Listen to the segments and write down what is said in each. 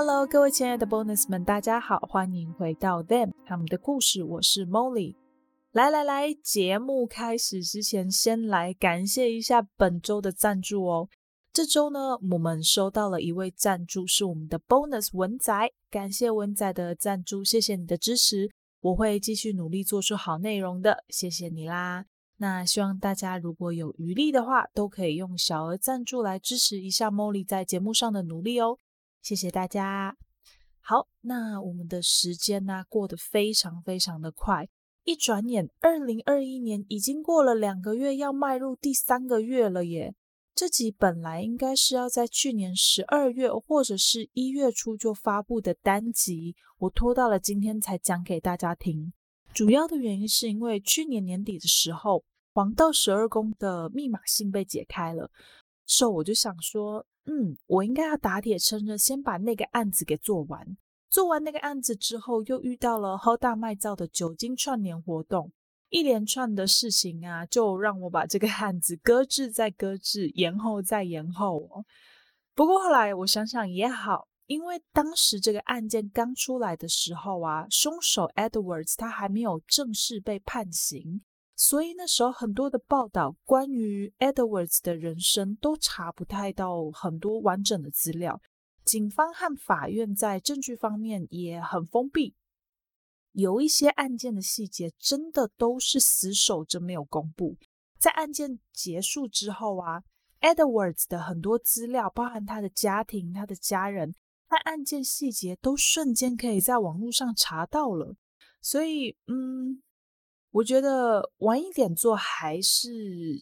Hello，各位親愛的 Bonus 們，大家好，歡迎回到 Them 他們的故事。我是 Molly。來來來，節目開始之前，先來感謝一下本周的贊助哦。這周呢，我們收到了一位贊助，是我們的 Bonus 文仔。感謝文仔的贊助，謝謝你的支持，我會繼續努力做出好內容的，謝謝你啦。那希望大家如果有餘力的話，都可以用小額贊助來支持一下 Molly 在節目上的努力哦。謝謝大家。好，那我們的時間呢、啊、過得非常非常的快，一轉眼，二零二一年已經過了兩個月，要邁入第三個月了耶。這集本來應該是要在去年十二月或者是一月初就發布的單集，我拖到了今天才講給大家聽。主要的原因是因為去年年底的時候，黃道十二宮的密碼信被解開了。受，so, 我就想說，嗯，我應該要打鐵趁熱，先把那個案子給做完。做完那個案子之後，又遇到了好大賣造的酒精串聯活動，一連串的事情啊，就讓我把這個案子擱置再擱置，延後再延後哦。不過後來我想想也好，因為當時這個案件剛出來的時候啊，凶手 Edwards 他還沒有正式被判刑。所以那時候很多的報道，關於 Edwards 的人生都查不太到很多完整的資料，警方和法院在證據方面也很封閉，有一些案件的細節真的都是死守着沒有公布。在案件結束之後啊，Edwards 的很多資料，包含他的家庭、他的家人和案件細節，都瞬間可以在網絡上查到了。所以，嗯。我覺得晚一點做還是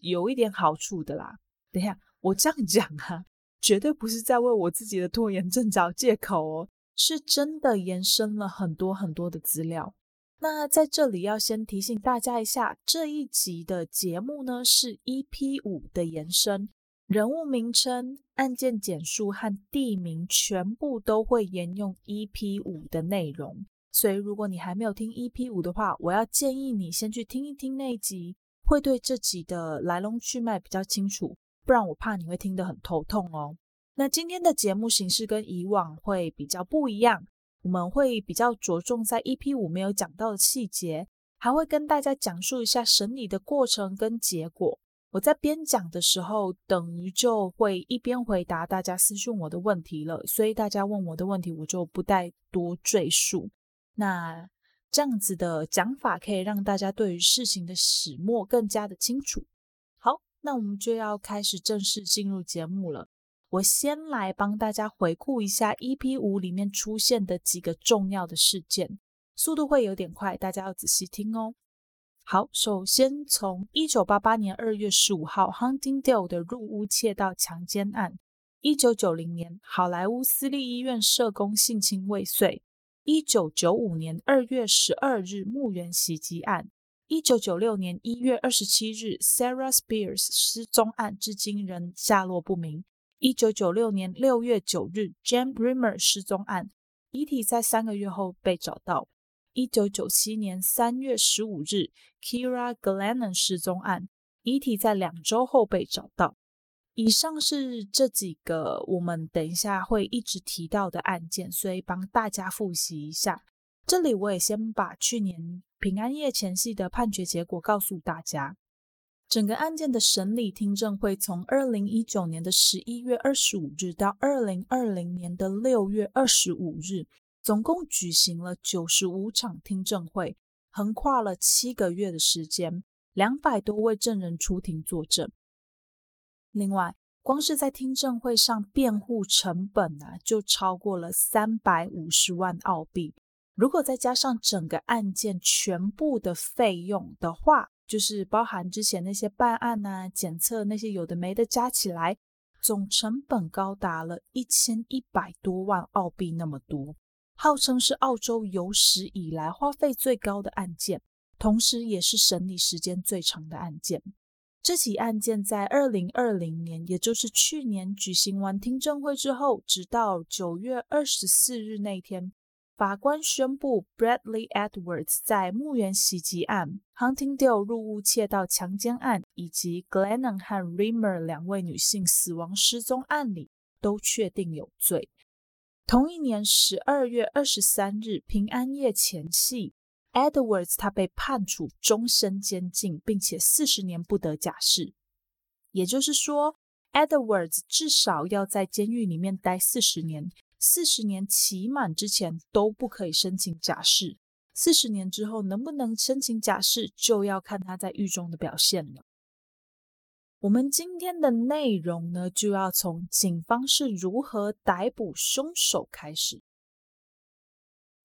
有一點好處的啦。等一下我這樣講啊，絕對不是在為我自己的拖延症找借口哦，是真的延伸了很多很多的資料。那在這裡要先提醒大家一下，這一集的節目呢是 EP 五的延伸，人物名稱、案件簡述和地名全部都會沿用 EP 五的內容。所以，如果你還沒有聽 EP 五的話，我要建議你先去聽一聽那一集，會對這集的來龍去脈比較清楚。不然，我怕你會聽得很頭痛哦。那今天的節目形式跟以往會比較不一樣，我們會比較着重在 EP 五沒有講到的細節，還會跟大家講述一下審理的過程跟結果。我在邊講的時候，等於就會一邊回答大家私訊我的問題了，所以大家問我的問題，我就不再多贅述。那這樣子的講法可以讓大家對於事情的始末更加的清楚。好，那我們就要開始正式進入節目了。我先來幫大家回顧一下 E P 五裡面出現的幾個重要的事件，速度會有點快，大家要仔細聽哦。好，首先從一九八八年二月十五號 Huntingdale 的入屋竊盜強姦案，一九九零年好萊塢私立醫院社工性侵未遂。一九九五年二月十二日墓園襲擊案，一九九六年一月二十七日 Sarah Spears 失蹤案，至今仍下落不明。一九九六年六月九日 Jane Rimmer 失蹤案，遺體在三個月後被找到。一九九七年三月十五日 Kira Glennon 失蹤案，遺體在兩周後被找到。以上是這幾個我們等一下會一直提到的案件，所以幫大家複習一下。這裡我也先把去年平安夜前夕的判決結果告訴大家。整個案件的審理聽證會從二零一九年的十一月二十五日到二零二零年的六月二十五日，總共舉行了九十五場聽證會，橫跨了七個月的時間，兩百多位證人出庭作證。另外，光是在聽證會上辯護成本啊，就超過了三百五十萬澳幣。如果再加上整個案件全部的費用的話，就是包含之前那些辦案呐、啊、檢測那些有的沒的加起來，總成本高達了一千一百多萬澳幣那麼多。號稱是澳洲有史以來花費最高的案件，同時也是審理時間最長的案件。這起案件在二零二零年，也就是去年，舉行完聽證會之後，直到九月二十四日那天，法官宣布 Bradley Edwards 在墓園襲擊案、Huntingdale 入屋竊盜強姦案以及 Glennon 和 Rimmer 兩位女性死亡失蹤案裡都確定有罪。同一年十二月二十三日，平安夜前夕。Edwards 他被判處終身監禁，並且四十年不得假釋，也就是說，Edwards 至少要在監獄裡面待四十年，四十年期滿之前都不可以申請假釋。四十年之後能不能申請假釋，就要看他在獄中的表現了。我們今天的內容呢，就要從警方是如何逮捕兇手開始。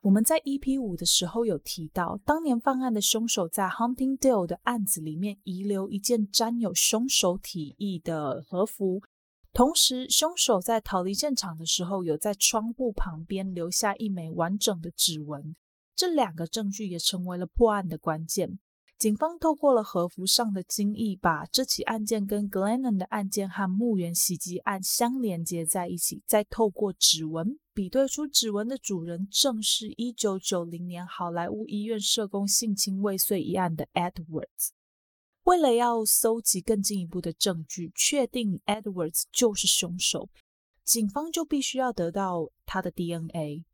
我們在 EP 五的時候有提到，當年犯案的凶手在 Huntingdale 的案子裡面遺留一件沾有凶手體液的和服，同時凶手在逃離現場的時候，有在窗戶旁邊留下一枚完整的指紋，這兩個證據也成為了破案的關鍵。警方透過了製服上的纖維，把這起案件跟 Glennon 的案件和墓園襲擊案相連接在一起，再透過指紋比對出指紋的主人正是1990年好萊塢醫院社工性侵未遂一案的 Edwards。為了要搜集更進一步的證據，確定 Edwards 就是凶手，警方就必須要得到他的 DNA。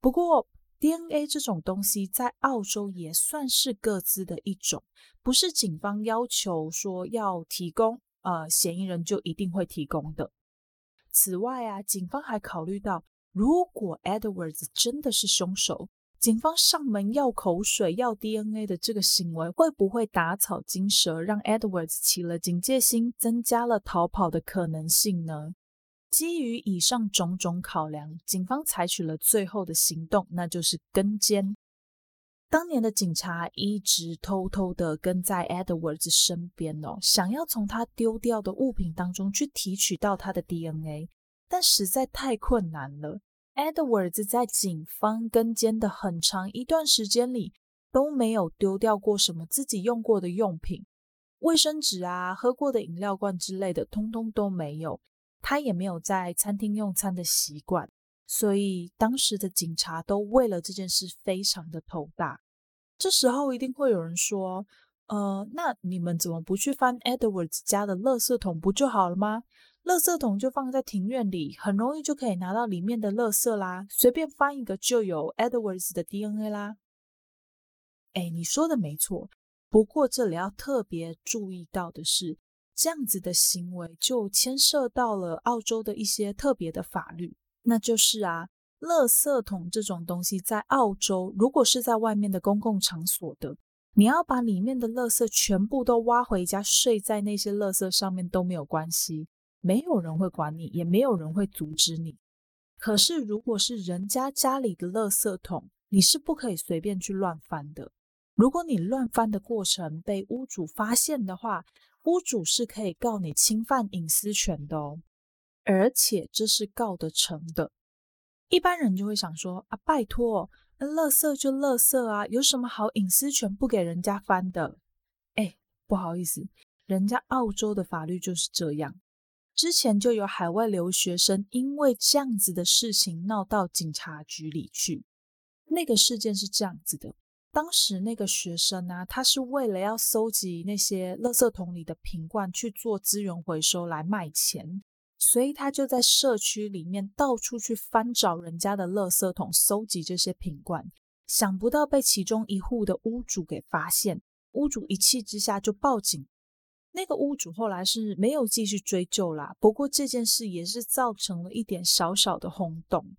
不過，DNA 這種東西在澳洲也算是個資的一種，不是警方要求說要提供，呃，嫌疑人就一定會提供的。此外啊，警方還考慮到，如果 Edwards 真的是凶手，警方上門要口水、要 DNA 的這個行為，會不會打草驚蛇，讓 Edwards 起了警戒心，增加了逃跑的可能性呢？基於以上種種考量，警方採取了最後的行動，那就是跟監。當年的警察一直偷偷的跟在 Edwards 身邊哦，想要從他丟掉的物品當中去提取到他的 DNA，但實在太困難了。Edwards 在警方跟監的很長一段時間裡，都沒有丟掉過什麼自己用過的用品，衛生紙啊、喝過的飲料罐之類的，通通都沒有。他也沒有在餐廳用餐的習慣，所以當時的警察都為了這件事非常的頭大。這時候一定會有人說：“呃，那你們怎麼不去翻 Edwards 家的垃圾桶不就好了嗎？垃圾桶就放在庭院裡，很容易就可以拿到裡面的垃圾啦，隨便翻一個就有 Edwards 的 DNA 啦。”誒，你說的沒錯，不過這裡要特別注意到的是。這樣子的行為就牽涉到了澳洲的一些特別的法律，那就是啊，垃圾桶這種東西在澳洲，如果是在外面的公共場所的，你要把裡面的垃圾全部都挖回家睡在那些垃圾上面都沒有關係，沒有人會管你，也沒有人會阻止你。可是如果是人家家裡的垃圾桶，你是不可以隨便去亂翻的。如果你亂翻的過程被屋主發現的話，屋主是可以告你侵犯隱私權的哦，而且這是告得成的。一般人就會想說：啊，拜託，那垃圾就垃圾啊，有什麼好隱私權不給人家翻的？哎，不好意思，人家澳洲的法律就是這樣。之前就有海外留學生因為這樣子的事情鬧到警察局裡去。那個事件是這樣子的。當時那個學生呢、啊，他是為了要搜集那些垃圾桶裡的瓶罐去做資源回收來賣錢，所以他就在社區裡面到處去翻找人家的垃圾桶，搜集這些瓶罐。想不到被其中一戶的屋主給發現，屋主一氣之下就報警。那個屋主後來是沒有繼續追究了，不過這件事也是造成了一點小小的轟動。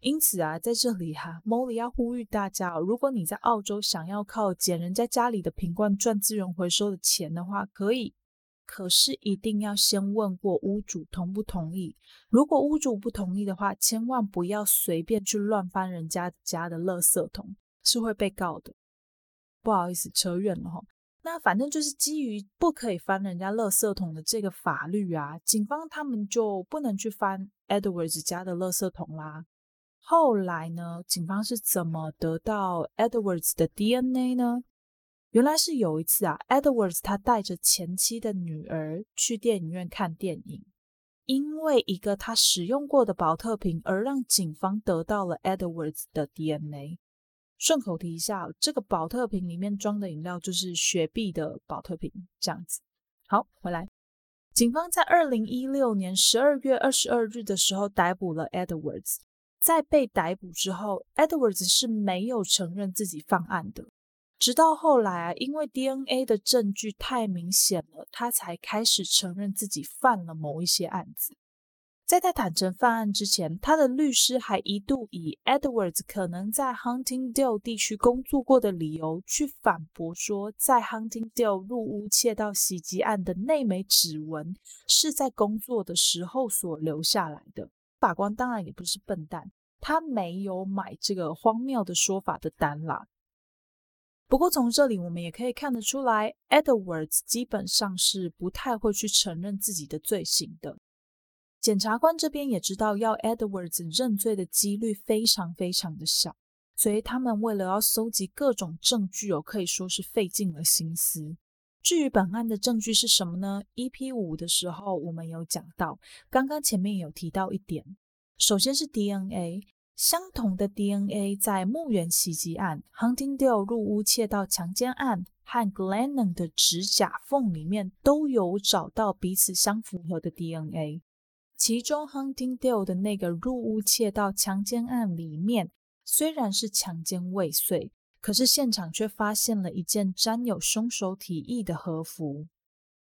因此啊，在這裡哈，Molly 要呼籲大家哦，如果你在澳洲想要靠撿人家家裡的瓶罐賺資源回收的錢的話，可以，可是一定要先問過屋主同不同意。如果屋主不同意的話，千萬不要隨便去亂翻人家家的垃圾桶，是會被告的。不好意思，扯遠了哈、哦。那反正就是基於不可以翻人家垃圾桶的這個法律啊，警方他們就不能去翻 Edwards 家的垃圾桶啦。後來呢？警方是怎麼得到 Edwards 的 DNA 呢？原來是有一次啊，Edwards 他帶着前妻的女兒去電影院看電影，因為一個他使用過的寶特瓶，而讓警方得到了 Edwards 的 DNA。順口提一下，這個寶特瓶裡面裝的飲料就是雪碧的寶特瓶，這樣子。好，回來，警方在二零一六年十二月二十二日的時候逮捕了 Edwards。在被逮捕之後，Edwards 是沒有承認自己犯案的。直到後來啊，因為 DNA 的證據太明顯了，他才開始承認自己犯了某一些案子。在他坦承犯案之前，他的律師還一度以 Edwards 可能在 Huntingdale 地區工作過的理由去反駁說，在 Huntingdale 入屋竊盜襲擊案的那枚指紋是在工作的時候所留下來的。法官當然也不是笨蛋，他沒有買這個荒謬的說法的單啦。不過從這裡我們也可以看得出來，Edwards 基本上是不太會去承認自己的罪行的。檢察官這邊也知道，要 Edwards 認罪的幾率非常非常的小，所以他們為了要搜集各種證據，哦，可以說是費盡了心思。至於本案的證據是什麼呢？EP 五的時候我們有講到，剛剛前面有提到一點，首先是 DNA 相同的 DNA，在墓園襲擊案、Huntingdale 入屋竊盜強姦案和 Glennon 的指甲縫裡面都有找到彼此相符合的 DNA，其中 Huntingdale 的那個入屋竊盜強姦案裡面雖然是強姦未遂。可是現場卻發現了一件沾有兇手體液的和服，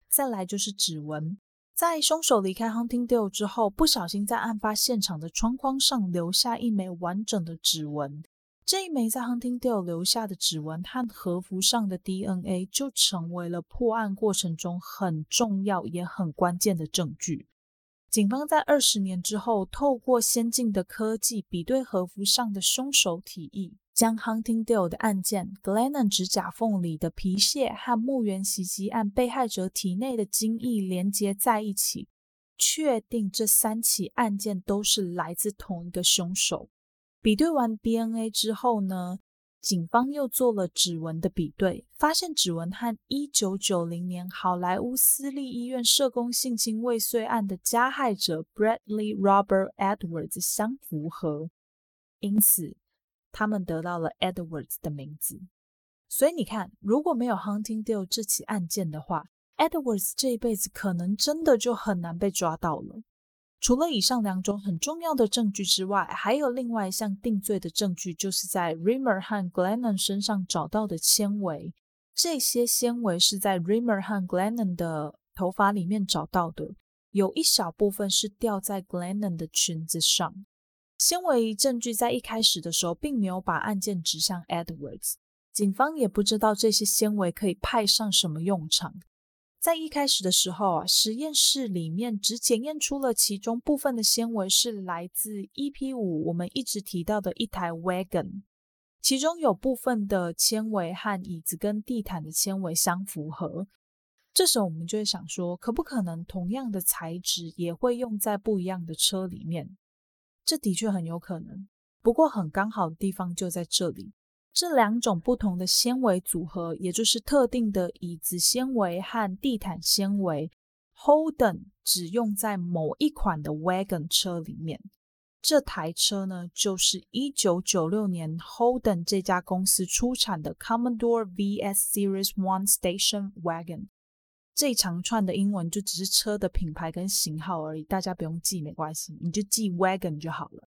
再來就是指紋。在兇手離開 Huntingdale 之後，不小心在案發現場的窗框上留下一枚完整的指紋。這一枚在 Huntingdale 留下的指紋和和服上的 DNA 就成為了破案過程中很重要也很關鍵的證據。警方在二十年之後，透過先進的科技比對和服上的兇手體液。將 Huntingdale 的案件、Glennon 指甲縫裡的皮屑和墓園襲擊案被害者體內的精液連接在一起，確定這三起案件都是來自同一個兇手。比對完 DNA 之後呢，警方又做了指紋的比對，發現指紋和1990年好萊塢私立醫院社工性侵未遂案的加害者 Bradley Robert Edwards 相符合，因此。他們得到了 Edwards 的名字，所以你看，如果沒有 Hunting Deal 這起案件的話，Edwards 這一輩子可能真的就很難被抓到了。除了以上兩種很重要的證據之外，還有另外一項定罪的證據，就是在 Rimmer 和 Glennon 身上找到的纖維。這些纖維是在 Rimmer 和 Glennon 的頭髮裡面找到的，有一小部分是掉在 Glennon 的裙子上。纖維證據在一開始的時候，並沒有把案件指向 Edwards，警方也不知道這些纖維可以派上什麼用場。在一開始的時候啊，實驗室裡面只檢驗出了其中部分的纖維是來自 EP 五，我們一直提到的一台 wagon，其中有部分的纖維和椅子跟地毯的纖維相符合。這時候我們就會想說，可不可能同樣的材質也會用在不一樣的車裡面？這的確很有可能，不過很剛好的地方就在這裡。這兩種不同的纖維組合，也就是特定的椅子纖維和地毯纖維，Holden 只用在某一款的 Wagon 車裡面。這台車呢，就是一九九六年 Holden 這家公司出產的 Commodore V S Series One Station Wagon。這一長串的英文就只是車的品牌跟型號而已，大家不用記，沒關係，你就記 wagon 就好了。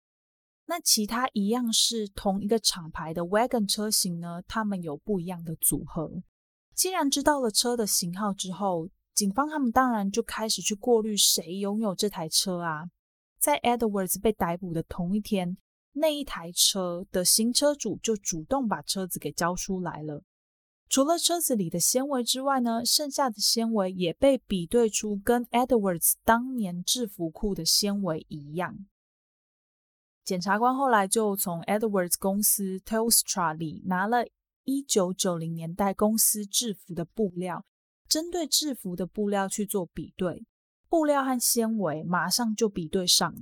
那其他一樣是同一個廠牌的 wagon 車型呢，他們有不一樣的組合。既然知道了車的型號之後，警方他們當然就開始去過濾誰擁有這台車啊。在 Edwards 被逮捕的同一天，那一台車的新車主就主動把車子給交出來了。除了車子裡的纖維之外呢，剩下的纖維也被比對出跟 Edwards 當年制服褲的纖維一樣。檢察官後來就從 Edwards 公司 Telstra 裡拿了一九九零年代公司制服的布料，針對制服的布料去做比對，布料和纖維馬上就比對上了。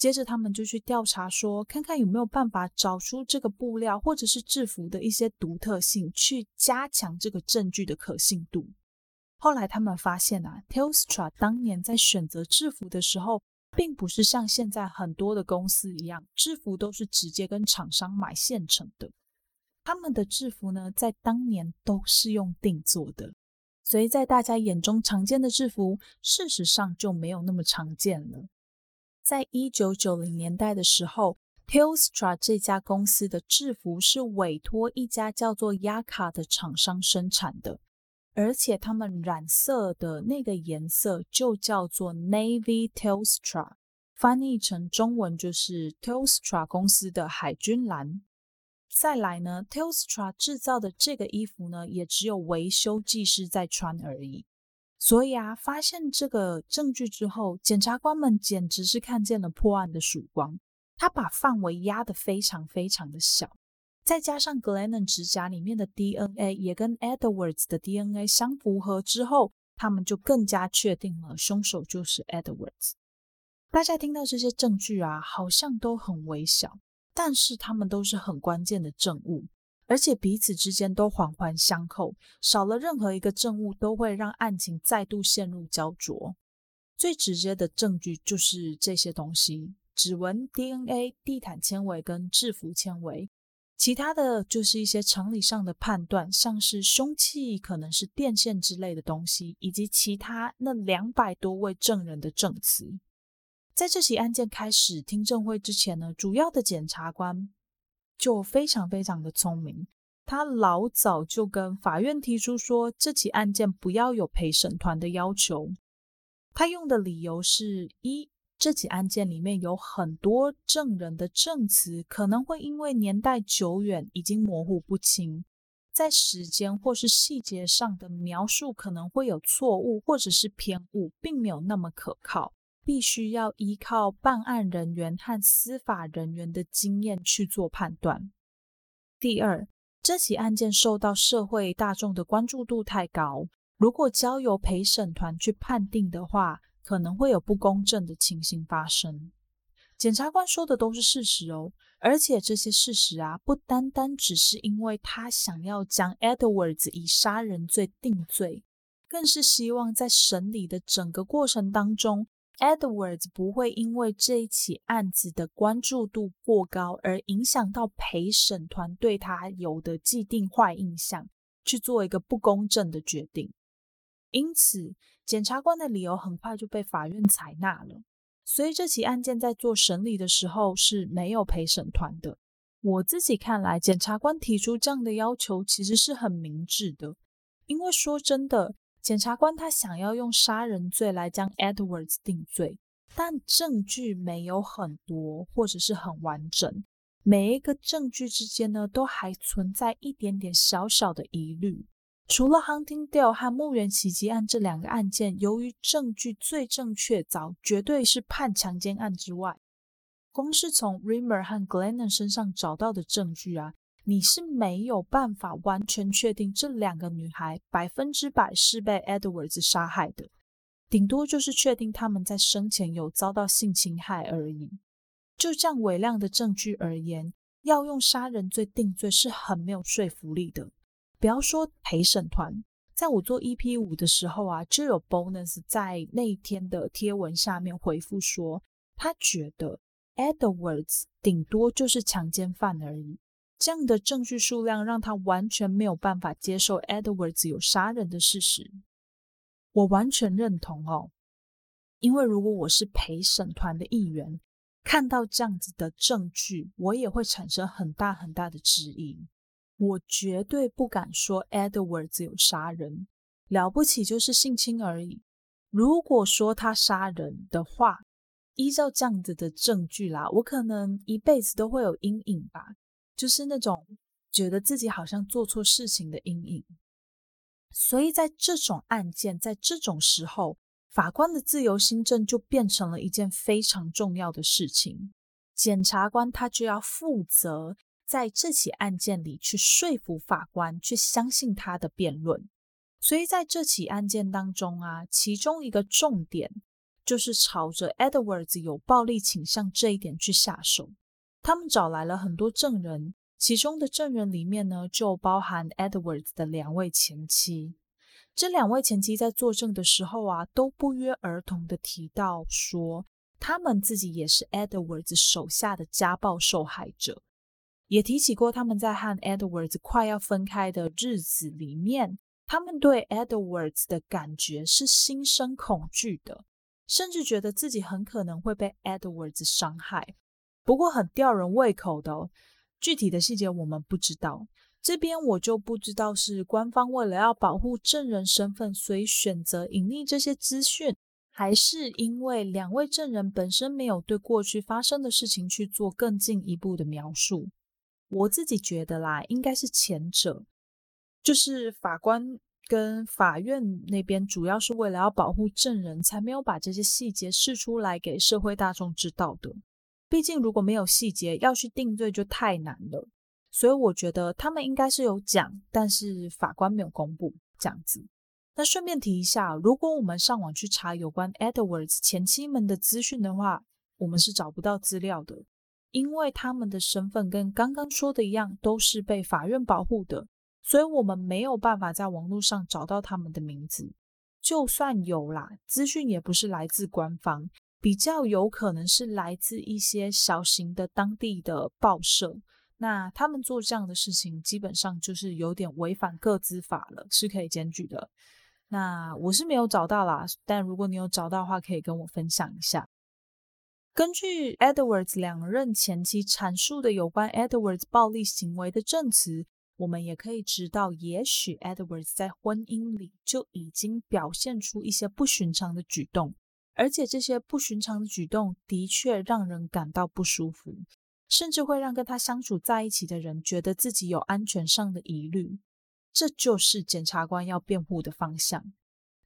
接着他們就去調查說，說看看有沒有辦法找出這個布料或者是制服的一些獨特性，去加強這個證據的可信度。後來他們發現啊，Telstra 當年在選擇制服的時候，並不是像現在很多的公司一樣，制服都是直接跟廠商買現成的。他們的制服呢，在當年都是用定做的，所以在大家眼中常見的制服，事實上就沒有那麼常見了。在一九九零年代的時候 Telstra 這家公司的制服是委託一家叫做雅卡的廠商生產的，而且他們染色的那個顏色就叫做 Navy Telstra 翻譯成中文就是 Telstra 公司的海軍藍。再來呢 Telstra 製造的這個衣服呢，也只有維修技師在穿而已。所以啊，發現這個證據之後，檢察官們簡直是看見了破案的曙光。他把範圍壓得非常非常的小，再加上 Glennon 指甲裡面的 DNA 也跟 Edwards 的 DNA 相符合之後，他們就更加確定了兇手就是 Edwards。大家聽到這些證據啊，好像都很微小，但是他們都是很關鍵的證物。而且彼此之間都環環相扣，少了任何一個證物，都會讓案情再度陷入膠著。最直接的證據就是這些東西：指紋、DNA、地毯纖維跟制服纖維。其他的就是一些常理上的判斷，像是兇器可能是電線之類的東西，以及其他那兩百多位證人的證詞。在這起案件開始聽證會之前呢，主要的檢察官，就非常非常的聰明，他老早就跟法院提出說，這起案件不要有陪審團的要求。他用的理由是一，這起案件裡面有很多證人的證詞，可能會因為年代久遠已經模糊不清，在時間或是細節上的描述可能會有錯誤或者是偏誤，並沒有那麼可靠。必須要依靠辦案人員和司法人員的經驗去做判斷。第二，這起案件受到社會大眾的關注度太高，如果交由陪審團去判定的話，可能會有不公正的情形發生。檢察官說的都是事實哦，而且這些事實啊，不單單只是因為他想要將 Edwards 以殺人罪定罪，更是希望在審理的整個過程當中。Edwards 不會因為這一起案子的關注度過高而影響到陪審團對他有的既定壞印象，去做一個不公正的決定。因此，檢察官的理由很快就被法院採納了。所以，這起案件在做審理的時候是沒有陪審團的。我自己看來，檢察官提出這樣的要求其實是很明智的，因為說真的。檢察官他想要用殺人罪來將 Edwards 定罪，但證據沒有很多或者是很完整，每一個證據之間呢都還存在一點點小小的疑慮。除了 Huntingdale 和墓園襲擊案這兩個案件，由於證據最正確鑿，絕對是判強姦案之外，光是從 Rimmer 和 Glennon 身上找到的證據啊，你是沒有辦法完全確定這兩個女孩百分之百是被 Edwards 殺害的，頂多就是確定他們在生前有遭到性侵害而已。就這樣微量的證據而言，要用殺人罪定罪是很沒有說服力的。不要說陪審團，在我做 EP 五的時候啊，就有 Bonus 在那一天的貼文下面回復說，他覺得 Edwards 頂多就是強姦犯而已。這樣的證據數量讓他完全沒有辦法接受 Edwards 有殺人的事實。我完全認同哦，因為如果我是陪審團的一員，看到這樣子的證據，我也會產生很大很大的質疑。我絕對不敢說 Edwards 有殺人，了不起就是性侵而已。如果說他殺人的話，依照這樣子的證據啦，我可能一輩子都會有陰影吧。就是那種覺得自己好像做錯事情的陰影，所以在這種案件，在這種時候，法官的自由心證就變成了一件非常重要的事情。檢察官他就要負責在這起案件裡去說服法官，去相信他的辯論。所以在這起案件當中啊，其中一個重點就是朝着 Edwards 有暴力傾向這一點去下手。他們找來了很多證人，其中的證人裡面呢，就包含 Edwards 的兩位前妻。這兩位前妻在作證的時候啊，都不約而同的提到說，他們自己也是 Edwards 手下的家暴受害者，也提起過他們在和 Edwards 快要分開的日子裡面，他們對 Edwards 的感覺是心生恐懼的，甚至覺得自己很可能會被 Edwards 傷害。不過很吊人胃口的哦，具體的細節我們不知道。這邊我就不知道是官方為了要保護證人身份，所以選擇隱匿這些資訊，還是因為兩位證人本身沒有對過去發生的事情去做更進一步的描述。我自己覺得啦，應該是前者，就是法官跟法院那邊主要是為了要保護證人，才沒有把這些細節釋出來給社會大眾知道的。畢竟，如果沒有細節要去定罪就太難了，所以我覺得他們應該是有講，但是法官沒有公布這樣子。那順便提一下，如果我們上網去查有關 Edwards 前妻們的資訊的話，我們是找不到資料的，因為他們的身份跟剛剛說的一樣，都是被法院保護的，所以我們沒有辦法在網絡上找到他們的名字。就算有啦，資訊也不是來自官方。比較有可能是來自一些小型的當地的報社，那他們做這樣的事情，基本上就是有點違反個資法了，是可以檢舉的。那我是沒有找到啦，但如果你有找到的話，可以跟我分享一下。根據 Edwards 兩任前妻闡述的有關 Edwards 暴力行為的證詞，我們也可以知道，也許 Edwards 在婚姻裡就已經表現出一些不尋常的舉動。而且這些不尋常的舉動的確讓人感到不舒服，甚至會讓跟他相處在一起的人覺得自己有安全上的疑慮。這就是檢察官要辯護的方向。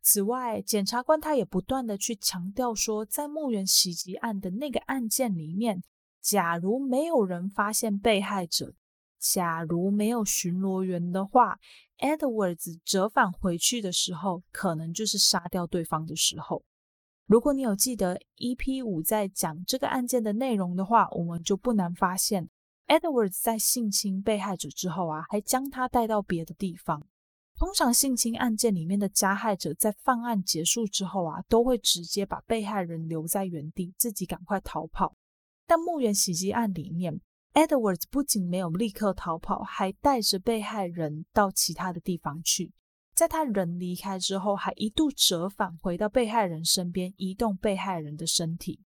此外，檢察官他也不斷的去強調說，在墓園襲擊案的那個案件裡面，假如沒有人發現被害者，假如沒有巡邏員的話，Edwards 折返回去的時候，可能就是殺掉對方的時候。如果你有記得 E P 五在講這個案件的內容的話，我們就不難發現，Edwards 在性侵被害者之後啊，還將他帶到別的地方。通常性侵案件裡面的加害者在犯案結束之後啊，都會直接把被害人留在原地，自己趕快逃跑。但墓園襲擊案裡面，Edwards 不僅沒有立刻逃跑，還帶着被害人到其他的地方去。在他人離開之後，還一度折返回到被害人身邊，移動被害人的身體。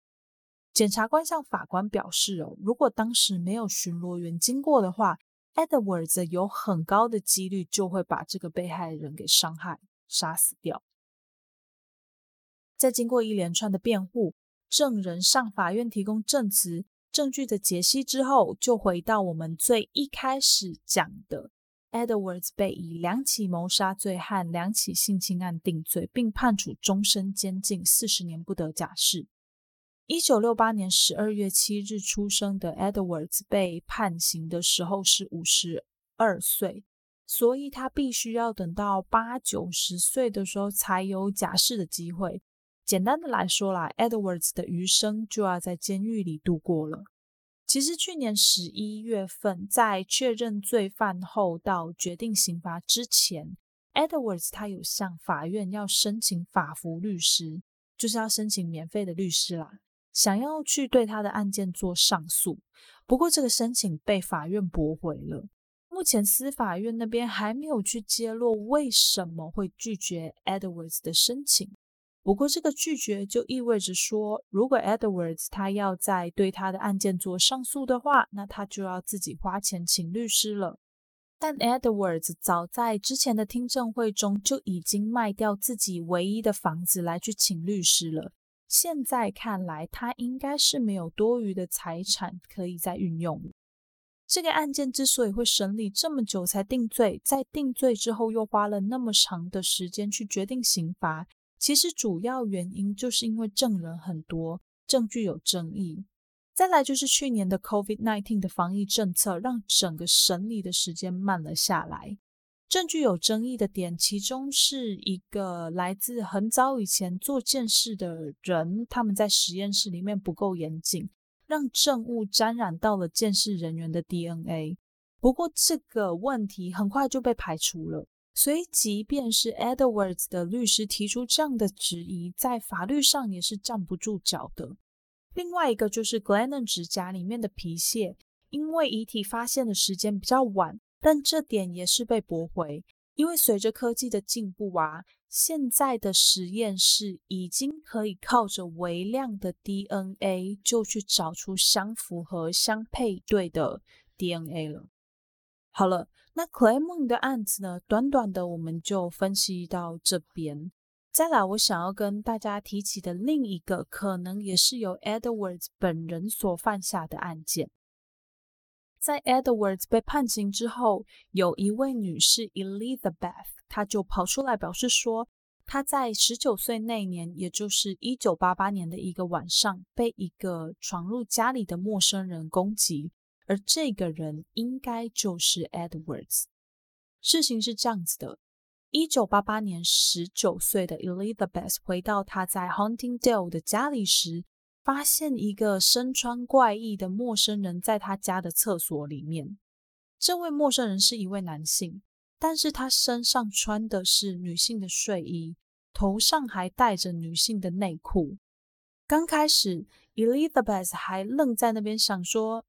檢察官向法官表示：“哦，如果當時沒有巡邏員經過的話，Edwards 有很高的幾率就會把這個被害人給傷害、殺死掉。”在經過一連串的辯護、證人上法院提供證詞、證據的解析之後，就回到我們最一開始講的。Edwards 被以兩起謀殺罪和兩起性侵案定罪，並判處終身監禁，四十年不得假釋。一九六八年十二月七日出生的 Edwards 被判刑的時候是五十二歲，所以他必須要等到八九十歲的時候才有假釋的機會。簡單的來說啦，Edwards 的餘生就要在監獄裡度過了。其實去年十一月份，在確認罪犯後到決定刑罰之前，Edwards 他有向法院要申請法扶律師，就是要申請免費的律師啦，想要去對他的案件做上訴。不過這個申請被法院駁回了。目前司法院那邊還沒有去揭露為什麼會拒絕 Edwards 的申請。不過，這個拒絕就意味着說，如果 Edwards 他要在對他的案件做上訴的話，那他就要自己花錢請律師了。但 Edwards 早在之前的聽證會中就已經賣掉自己唯一的房子來去請律師了。現在看來，他應該是沒有多餘的財產可以再運用。這個案件之所以會審理這麼久才定罪，在定罪之後又花了那麼長的時間去決定刑罰。其實主要原因就是因為證人很多，證據有爭議。再來就是去年的 COVID nineteen 的防疫政策，讓整個審理的時間慢了下來。證據有爭議的點，其中是一個來自很早以前做鑑識的人，他們在實驗室裡面不夠嚴謹，讓證物沾染到了鑑識人員的 DNA。不過這個問題很快就被排除了。所以即便是 Edwards 的律師提出這樣的質疑，在法律上也是站不住腳的。另外一個就是 Glennon 指甲裡面的皮屑，因為遺體發現的時間比較晚，但這點也是被駁回。因為隨着科技的進步，啊，現在的實驗室已經可以靠着微量的 DNA 就去找出相符合、相配對的 DNA 了。好了。那 Claremont 的案子呢？短短的我們就分析到這邊。再來，我想要跟大家提起的另一個，可能也是由 Edwards 本人所犯下的案件。在 Edwards 被判刑之後，有一位女士 Elizabeth，她就跑出來表示說，她在十九歲那年，也就是一九八八年的一個晚上，被一個闖入家裡的陌生人攻擊。而這個人應該就是 Edwards。事情是這樣子的：一九八八年，十九歲的 Elizabeth 回到她在 Huntingdale 的家裡時，發現一個身穿怪異的陌生人在他家的廁所裡面。這位陌生人是一位男性，但是他身上穿的是女性的睡衣，頭上還戴着女性的內褲。剛開始，Elizabeth 還愣在那邊想說，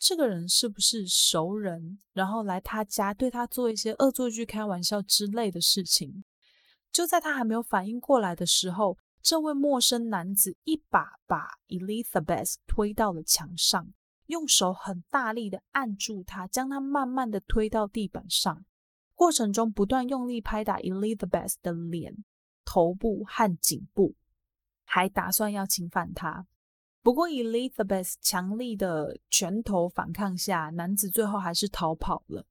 這個人是不是熟人？然後來他家對他做一些惡作劇、開玩笑之類的事情。就在他還沒有反應過來的時候，這位陌生男子一把把 Elizabeth 推到了牆上，用手很大力的按住他，將他慢慢的推到地板上，過程中不斷用力拍打 Elizabeth 的臉、頭部和頸部，還打算要侵犯他。不過，以 Elizabeth 強力的拳頭反抗下，男子最後還是逃跑了。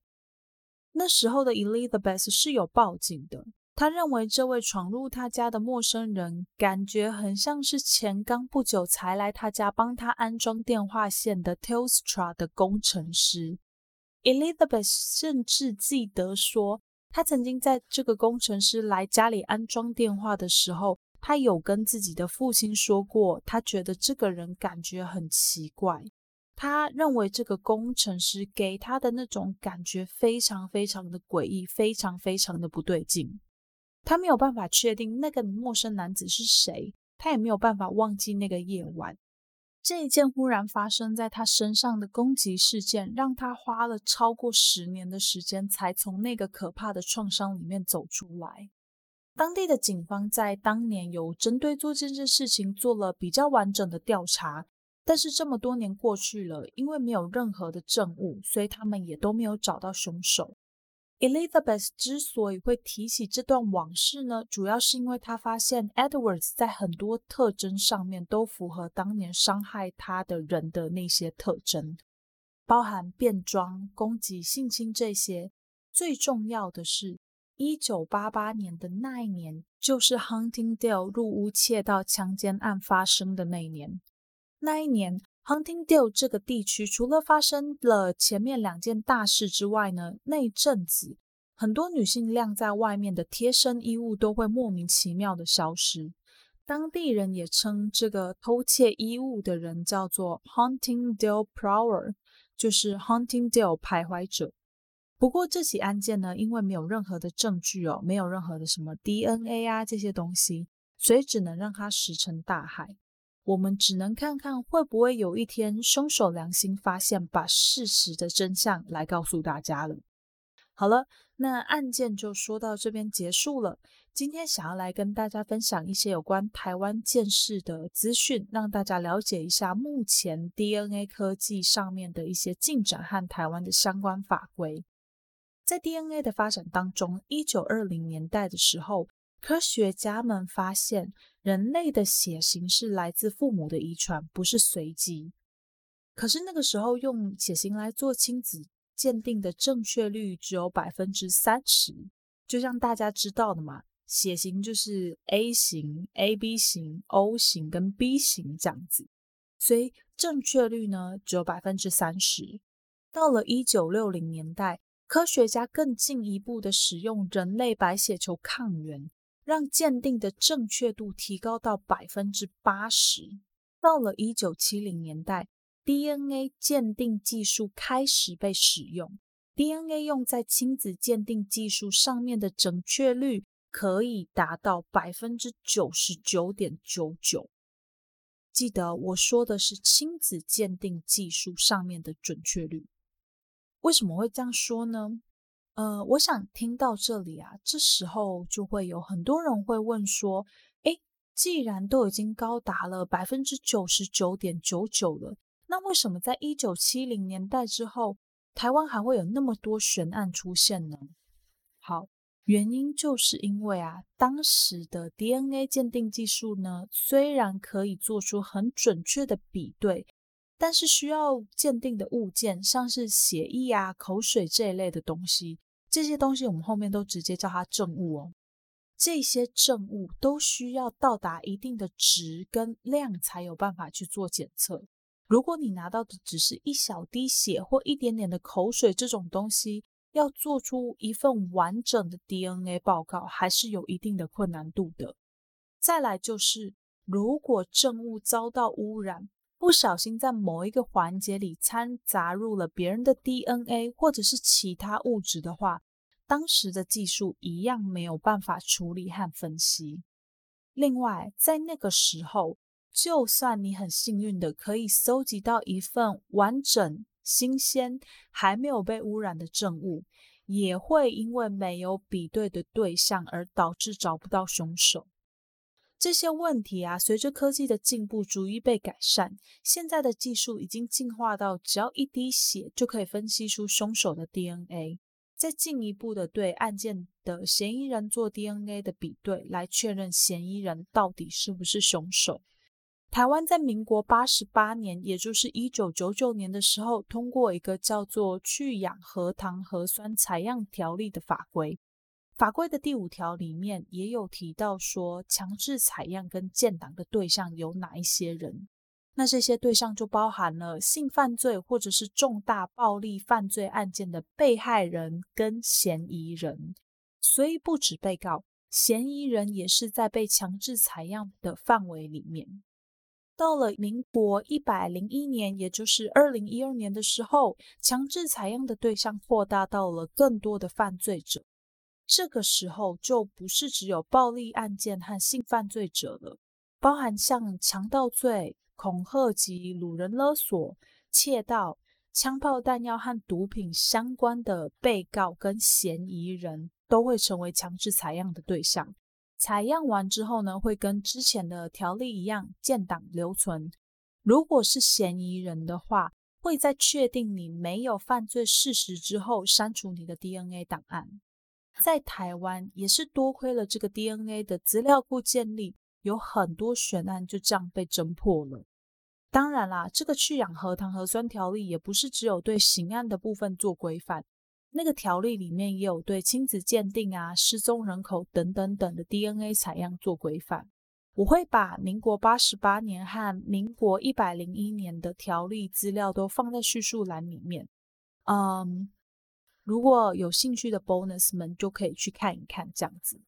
那時候的 Elizabeth 是有報警的，他認為這位闖入他家的陌生人，感覺很像是前剛不久才來他家幫他安裝電話線的 Telstra 的工程師。 Elizabeth 甚至記得說，他曾經在這個工程師來家裡安裝電話的時候。他有跟自己的父親說過，他覺得這個人感覺很奇怪。他認為這個工程師給他的那種感覺非常非常的詭異，非常非常的不對勁。他沒有辦法確定那個陌生男子是誰，他也沒有辦法忘記那個夜晚。這一件忽然發生在他身上的攻擊事件，讓他花了超過十年的時間才從那個可怕的創傷裡面走出來。當地的警方在當年有針對做這件事情做了比較完整的調查，但是這麼多年過去了，因為沒有任何的證物，所以他們也都沒有找到兇手。Elizabeth 之所以會提起這段往事呢，主要是因為她發現 Edwards 在很多特徵上面都符合當年傷害他的人的那些特徵，包含變裝、攻擊、性侵這些，最重要的是。一九八八年的那一年，就是 Huntingdale 入屋竊盜、強姦案發生的那一年。那一年，Huntingdale 這個地區除了發生了前面兩件大事之外呢，那一陣子很多女性晾在外面的貼身衣物都會莫名其妙的消失。當地人也稱這個偷竊衣物的人叫做 Huntingdale Prowler，就是 Huntingdale 徘徊者。不過這起案件呢，因為沒有任何的證據哦，沒有任何的什麼 DNA 啊這些東西，所以只能讓它石沉大海。我們只能看看會不會有一天兇手良心發現，把事實的真相來告訴大家了。好了，那案件就說到這邊結束了。今天想要來跟大家分享一些有關台灣鑑識的資訊，讓大家了解一下目前 DNA 科技上面的一些進展和台灣的相關法規。在 DNA 的發展當中，一九二零年代的時候，科學家們發現人類的血型是來自父母的遺傳，不是隨機。可是那個時候用血型來做親子鑑定的正確率只有百分之三十。就像大家知道的嘛，血型就是 A 型、AB 型、O 型跟 B 型這樣子，所以正確率呢只有百分之三十。到了一九六零年代。科學家更進一步的使用人類白血球抗原，讓鑑定的正確度提高到百分之八十。到了一九七零年代，DNA 鑑定技術開始被使用。DNA 用在親子鑑定技術上面的準確率可以達到百分之九十九點九九。記得我說的是親子鑑定技術上面的準確率。為什麼會這樣說呢？呃，我想聽到這裡啊，這時候就會有很多人會問說：“誒，既然都已經高達了百分之九十九點九九了，那為什麼在一九七零年代之後，台灣還會有那麼多懸案出現呢？”好，原因就是因為啊，當時的 DNA 鑑定技術呢，雖然可以做出很準確的比對。但是需要鑑定的物件，像是血液啊、口水這一類的東西，這些東西我們後面都直接叫它證物哦。這些證物都需要到達一定的值跟量，才有辦法去做檢測。如果你拿到的只是一小滴血或一點點的口水這種東西，要做出一份完整的 DNA 報告，還是有一定的困難度的。再來就是，如果證物遭到污染，不小心，在某一個環節裡摻雜入了別人的 DNA 或者是其他物質的話，當時的技術一樣沒有辦法處理和分析。另外，在那個時候，就算你很幸運的可以蒐集到一份完整、新鮮、還沒有被污染的證物，也會因為沒有比對的對象而導致找不到兇手。這些問題啊，隨着科技的進步，逐一被改善。現在的技術已經進化到，只要一滴血就可以分析出兇手的 DNA，再進一步的對案件的嫌疑人做 DNA 的比對，來確認嫌疑人到底是不是兇手。台灣在民國八十八年，也就是一九九九年的時候，通過一個叫做《去氧核醣核酸採樣條例》的法規。法規的第五條裡面也有提到說，強制採樣跟建檔的對象有哪一些人？那這些對象就包含了性犯罪或者是重大暴力犯罪案件的被害人跟嫌疑人，所以不止被告，嫌疑人也是在被強制採樣的範圍裡面。到了民國一百零一年，也就是二零一二年的時候，強制採樣的對象擴大到了更多的犯罪者。這個時候就不是只有暴力案件和性犯罪者了，包含像強盜罪、恐嚇及擄人勒索、竊盜、槍炮彈藥和毒品相關的被告跟嫌疑人都會成為強制採樣的對象。採樣完之後呢，會跟之前的條例一樣建檔留存。如果是嫌疑人的話，會在確定你沒有犯罪事實之後刪除你的 DNA 檔案。在台灣也是多虧了這個 DNA 的資料庫建立，有很多懸案就這樣被偵破了。當然啦，這個去氧核糖核酸條例也不是只有對刑案的部分做規範，那個條例裡面也有對親子鑑定啊、失蹤人口等等等的 DNA 採樣做規範。我會把民國八十八年和民國一百零一年的條例資料都放在敘述欄裡面。嗯。如果有興趣的 bonus 們，就可以去看一看這樣子。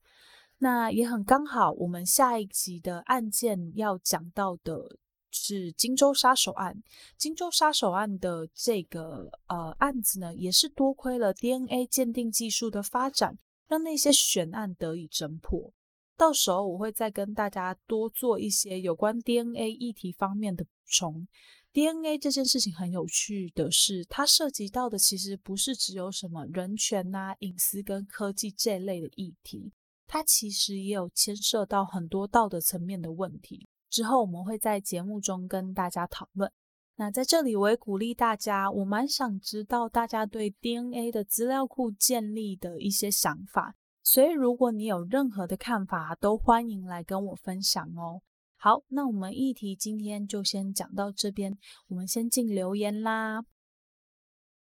那也很剛好，我們下一集的案件要講到的是金州殺手案。金州殺手案的這個、呃、案子呢，也是多虧了 DNA 鑑定技術的發展，讓那些懸案得以偵破。到時候我會再跟大家多做一些有關 DNA 議題方面的補充。DNA 這件事情很有趣的是，它涉及到的其實不是只有什麼人權吶、啊、隱私跟科技這類的議題，它其實也有牽涉到很多道德層面的問題。之後我們會在節目中跟大家討論。那在這裡，我也鼓勵大家，我蠻想知道大家對 DNA 的資料庫建立的一些想法。所以，如果你有任何的看法，都歡迎來跟我分享哦。好，那我們議題今天就先講到這邊，我們先進留言啦。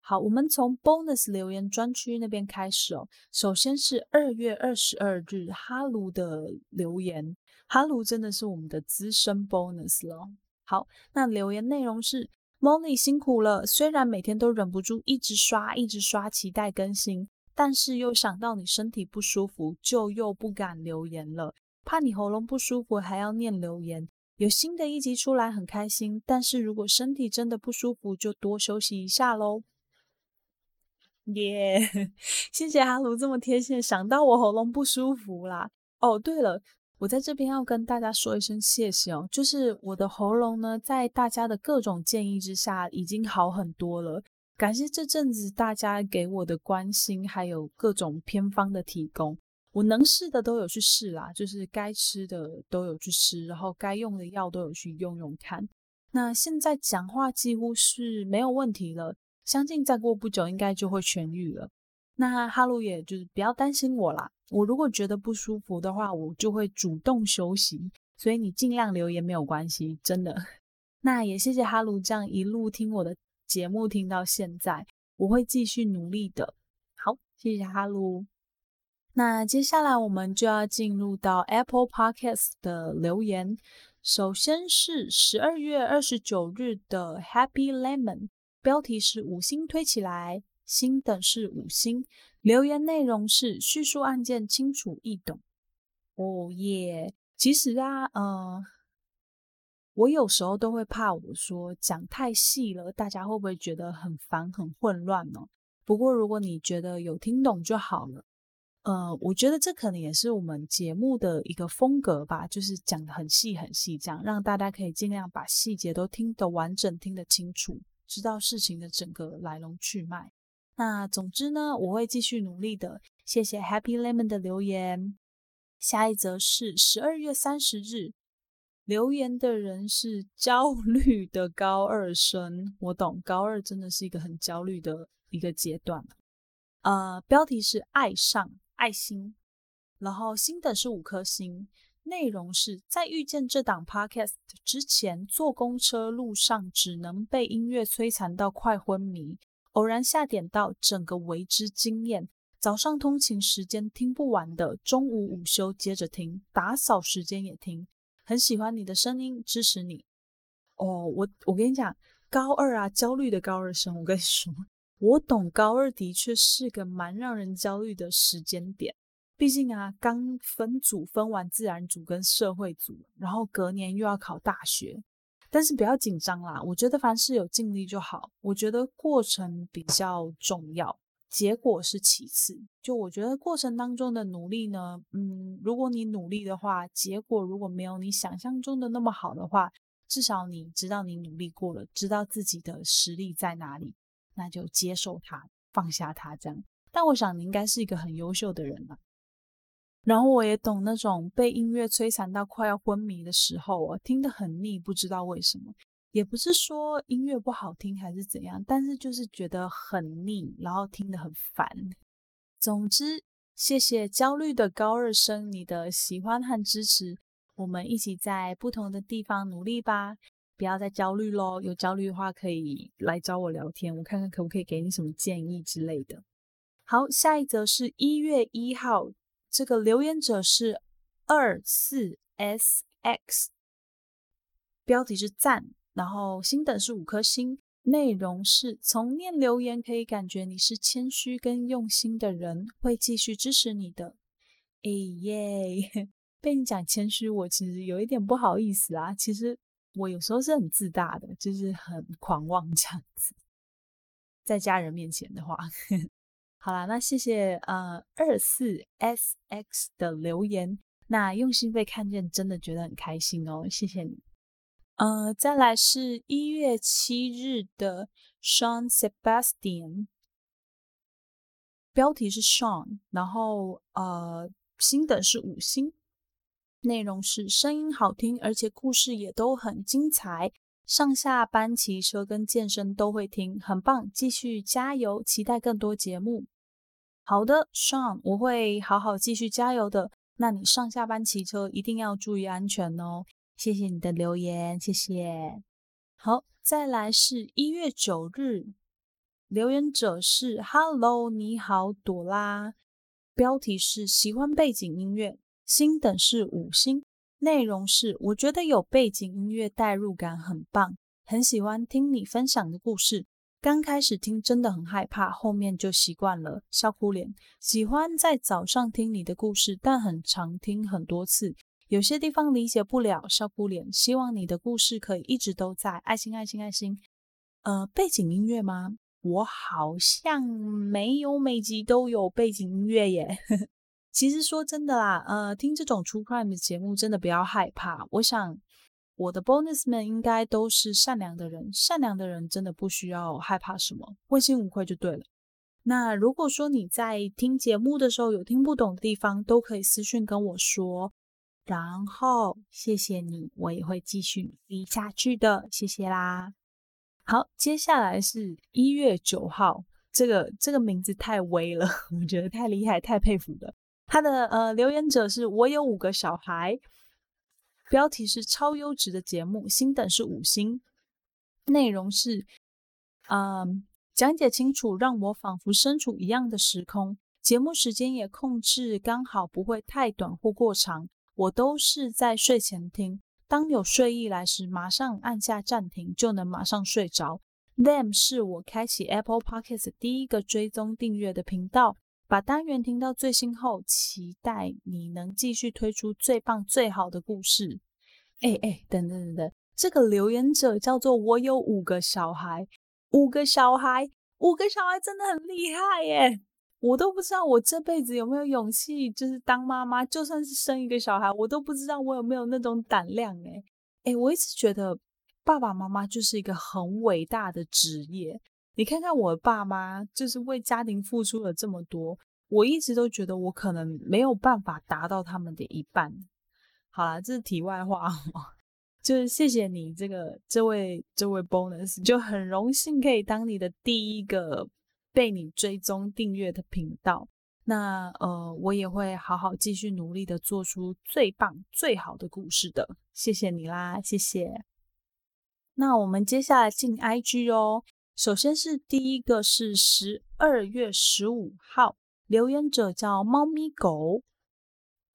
好，我們從 bonus 留言專區那邊開始哦。首先是二月二十二日哈盧的留言，哈盧真的是我們的資深 bonus 咯。好，那留言內容是：Molly 辛苦了，雖然每天都忍不住一直刷一直刷，期待更新，但是又想到你身體不舒服，就又不敢留言了。怕你喉嚨不舒服還要念留言，有新的一集出來很開心，但是如果身體真的不舒服就多休息一下嘍。耶、yeah，謝謝阿盧這麼貼心，想到我喉嚨不舒服啦。哦，對了，我在這邊要跟大家說一聲謝謝哦，就是我的喉嚨呢，在大家的各種建議之下已經好很多了，感謝這陣子大家給我的關心，還有各種偏方的提供。我能試的都有去試啦，就是該吃的都有去吃，然後該用的藥都有去用用看。那現在講話幾乎是沒有問題了，相信再過不久應該就會痊癒了。那哈魯也就是不要擔心我啦，我如果覺得不舒服的話，我就會主動休息。所以你儘量留言沒有關係，真的。那也謝謝哈魯這樣一路聽我的節目聽到現在，我會繼續努力的。好，謝謝哈魯。那接下來我們就要進入到 Apple Podcast 的留言。首先是十二月二十九日的 Happy Lemon，標題是五星推起來，星等是五星。留言內容是敘述案件清楚易懂。哦耶！其實啊，呃，我有時候都會怕我說講太細了，大家會不會覺得很煩、很混亂呢？不過如果你覺得有聽懂就好了。呃，我覺得這可能也是我們節目的一個風格吧，就是講得很細很細，這樣讓大家可以盡量把細節都聽得完整、聽得清楚，知道事情的整個來龍去脈。那總之呢，我會繼續努力的。謝謝 Happy Lemon 的留言。下一則是十二月三十日，留言的人是焦慮的高二生，我懂，高二真的是一個很焦慮的一個階段。呃，標題是愛上。愛心，然後新的是五顆星。內容是在遇見這檔 podcast 之前，坐公車路上只能被音樂摧殘到快昏迷，偶然下點到，整個為之驚艷。早上通勤時間聽不完的，中午午休接着聽，打掃時間也聽。很喜歡你的聲音，支持你。哦，我我跟你講，高二啊，焦慮的高二生，我跟你說。我懂，高二的確是個蠻讓人焦慮的時間點。畢竟啊，剛分組分完自然組跟社會組，然後隔年又要考大學。但是不要緊張啦，我覺得凡事有盡力就好。我覺得過程比較重要，結果是其次。就我覺得過程當中的努力呢，嗯，如果你努力的話，結果如果沒有你想象中的那麼好的話，至少你知道你努力過了，知道自己的實力在哪裡。那就接受他，放下他，這樣。但我想你應該是一個很優秀的人吧。然後我也懂那種被音樂摧殘到快要昏迷的時候，啊，我聽得很膩，不知道為什麼，也不是說音樂不好聽還是怎樣，但是就是覺得很膩，然後聽得很煩。總之，謝謝焦慮的高二生，你的喜歡和支持，我們一起在不同的地方努力吧。不要再焦慮咯，有焦慮的話可以來找我聊天，我看看可不可以給你什麼建議之類的。好，下一則是一月一號，這個留言者是二四 SX，標題是讚，然後星等是五顆星，內容是從念留言可以感覺你是謙虛跟用心的人，會繼續支持你的。哎耶，被你講謙虛，我其實有一點不好意思啊，其實。我有時候是很自大的，就是很狂妄這樣子，在家人面前的話， 好啦，那謝謝呃二四 SX 的留言，那用心被看見，真的覺得很開心哦，謝謝你。呃，再來是一月七日的 Sean Sebastian，標題是 Sean，然後呃星等是五星。內容是聲音好聽，而且故事也都很精彩。上下班騎車跟健身都會聽，很棒，繼續加油，期待更多節目。好的，Sean，我會好好繼續加油的。那你上下班騎車一定要注意安全哦。謝謝你的留言，謝謝。好，再來是一月九日，留言者是 Hello 你好朵拉，標題是喜歡背景音樂。星等是五星，內容是我覺得有背景音樂代入感很棒，很喜歡聽你分享的故事。剛開始聽真的很害怕，後面就習慣了。笑哭臉，喜歡在早上聽你的故事，但很常聽很多次，有些地方理解不了。笑哭臉，希望你的故事可以一直都在。愛心愛心愛心，呃，背景音樂嗎？我好像沒有每集都有背景音樂耶。 其實說真的啦，呃，聽這種 True Crime 的節目真的不要害怕。我想我的 Bonus 們應該都是善良的人，善良的人真的不需要害怕什麼，問心無愧就對了。那如果說你在聽節目的時候有聽不懂的地方，都可以私信跟我說。然後謝謝你，我也會繼續努力下去的，謝謝啦。好，接下來是一月九號，這個這個名字太威了，我覺得太厲害，太佩服的。他的呃、留言者是我有五個小孩，標題是超優質的節目，星等是五星，內容是嗯、呃、講解清楚，讓我仿佛身處一樣的時空，節目時間也控制剛好不會太短或過長，我都是在睡前聽，當有睡意來時，馬上按下暫停就能馬上睡着。Them 是我開啟 Apple Podcast 第一個追蹤訂閱的頻道。把單元聽到最新後，期待你能繼續推出最棒最好的故事。哎、欸、哎、欸，等等等等，這個留言者叫做我有五個小孩，五個小孩，五個小孩真的很厲害耶！我都不知道我這輩子有沒有勇氣，就是當媽媽，就算是生一個小孩，我都不知道我有沒有那種膽量耶。誒、欸、哎，我一直覺得爸爸媽媽就是一個很偉大的職業。你看看我爸媽，就是為家庭付出了這麼多。我一直都覺得我可能沒有辦法達到他們的一半。好啦，這是題外話哦。 就是謝謝你這個這位這位 bonus，就很榮幸可以當你的第一個被你追蹤訂閱的頻道。那呃，我也會好好繼續努力的，做出最棒最好的故事的。謝謝你啦，謝謝。那我們接下來進 IG 哦。首先是第一個是十二月十五號留言者，叫貓咪狗，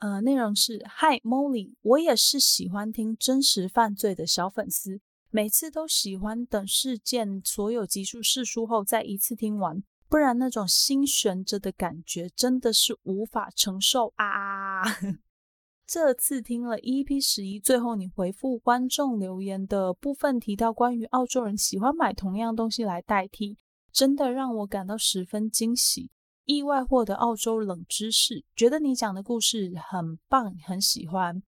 呃，內容是：嗨，Molly，我也是喜歡聽真實犯罪的小粉絲，每次都喜歡等事件所有集數釋出後再一次聽完，不然那種心懸着的感覺真的是無法承受啊。這次聽了 EP 十一，最後你回復觀眾留言的部分提到關於澳洲人喜歡買同樣東西來代替，真的讓我感到十分驚喜，意外獲得澳洲冷知識，覺得你講的故事很棒，很喜歡，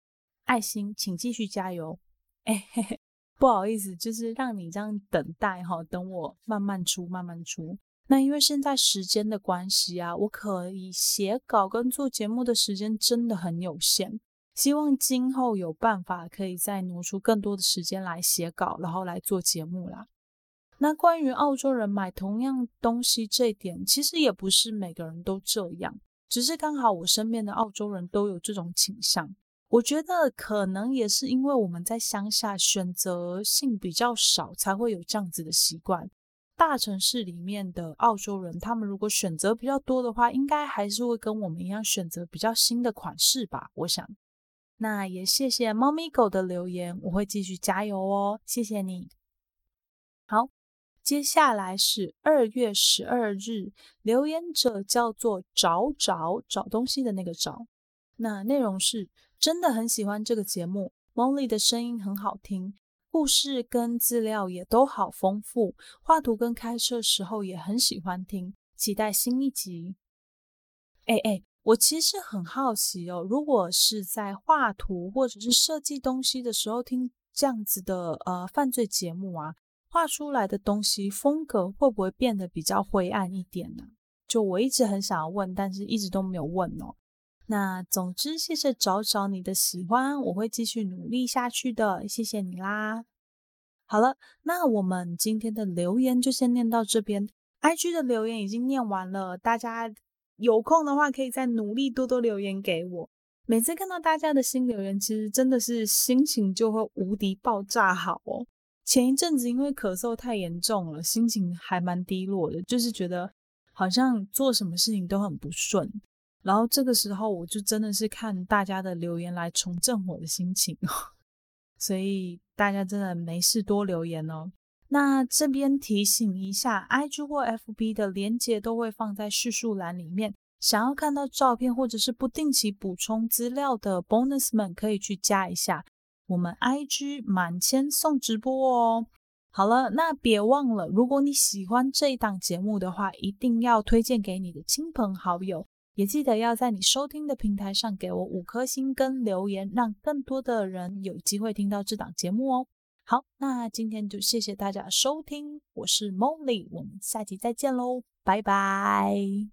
愛心，請繼續加油。哎嘿嘿，不好意思，就是讓你這樣等待哈，等我慢慢出，慢慢出。那因為現在時間的關係啊，我可以寫稿跟做節目的時間真的很有限。希望今後有辦法可以再挪出更多的時間來寫稿，然後來做節目啦。那關於澳洲人買同樣東西這一點，其實也不是每個人都這樣，只是剛好我身邊的澳洲人都有這種傾向。我覺得可能也是因為我們在鄉下選擇性比較少，才會有這樣子的習慣。大城市裡面的澳洲人，他們如果選擇比較多的話，應該還是會跟我們一樣選擇比較新的款式吧？我想。那也謝謝貓咪狗的留言，我會繼續加油哦，謝謝你。好，接下來是二月十二日留言者叫做找找找東西的那個找，那內容是真的很喜歡這個節目，Molly 的聲音很好聽，故事跟資料也都好豐富，畫圖跟開車時候也很喜歡聽，期待新一集。哎哎。我其實很好奇哦，如果是在畫圖或者是設計東西的時候聽這樣子的，呃，犯罪節目啊，畫出來的東西風格會不會變得比較灰暗一點呢？就我一直很想要問，但是一直都沒有問哦。那總之，謝謝找找你的喜歡，我會繼續努力下去的，謝謝你啦。好了，那我們今天的留言就先念到這邊。IG 的留言已經念完了，大家。有空的話，可以再努力多多留言給我。每次看到大家的新留言，其實真的是心情就會無敵爆炸，好哦。前一陣子因為咳嗽太嚴重了，心情還蠻低落的，就是覺得好像做什麼事情都很不順。然後這個時候，我就真的是看大家的留言來重振我的心情哦。所以大家真的沒事多留言哦。那這邊提醒一下，IG 或 FB 的連結都會放在敘述欄裡面。想要看到照片或者是不定期補充資料的 Bonus 們，可以去加一下我們 IG 滿千送直播哦。好了，那別忘了，如果你喜歡這一檔節目的話，一定要推薦給你的親朋好友。也記得要在你收聽的平台上給我五顆星跟留言，讓更多的人有機會聽到這檔節目哦。好，那今天就謝謝大家收聽，我是 Molly，我們下期再見嘍，拜拜。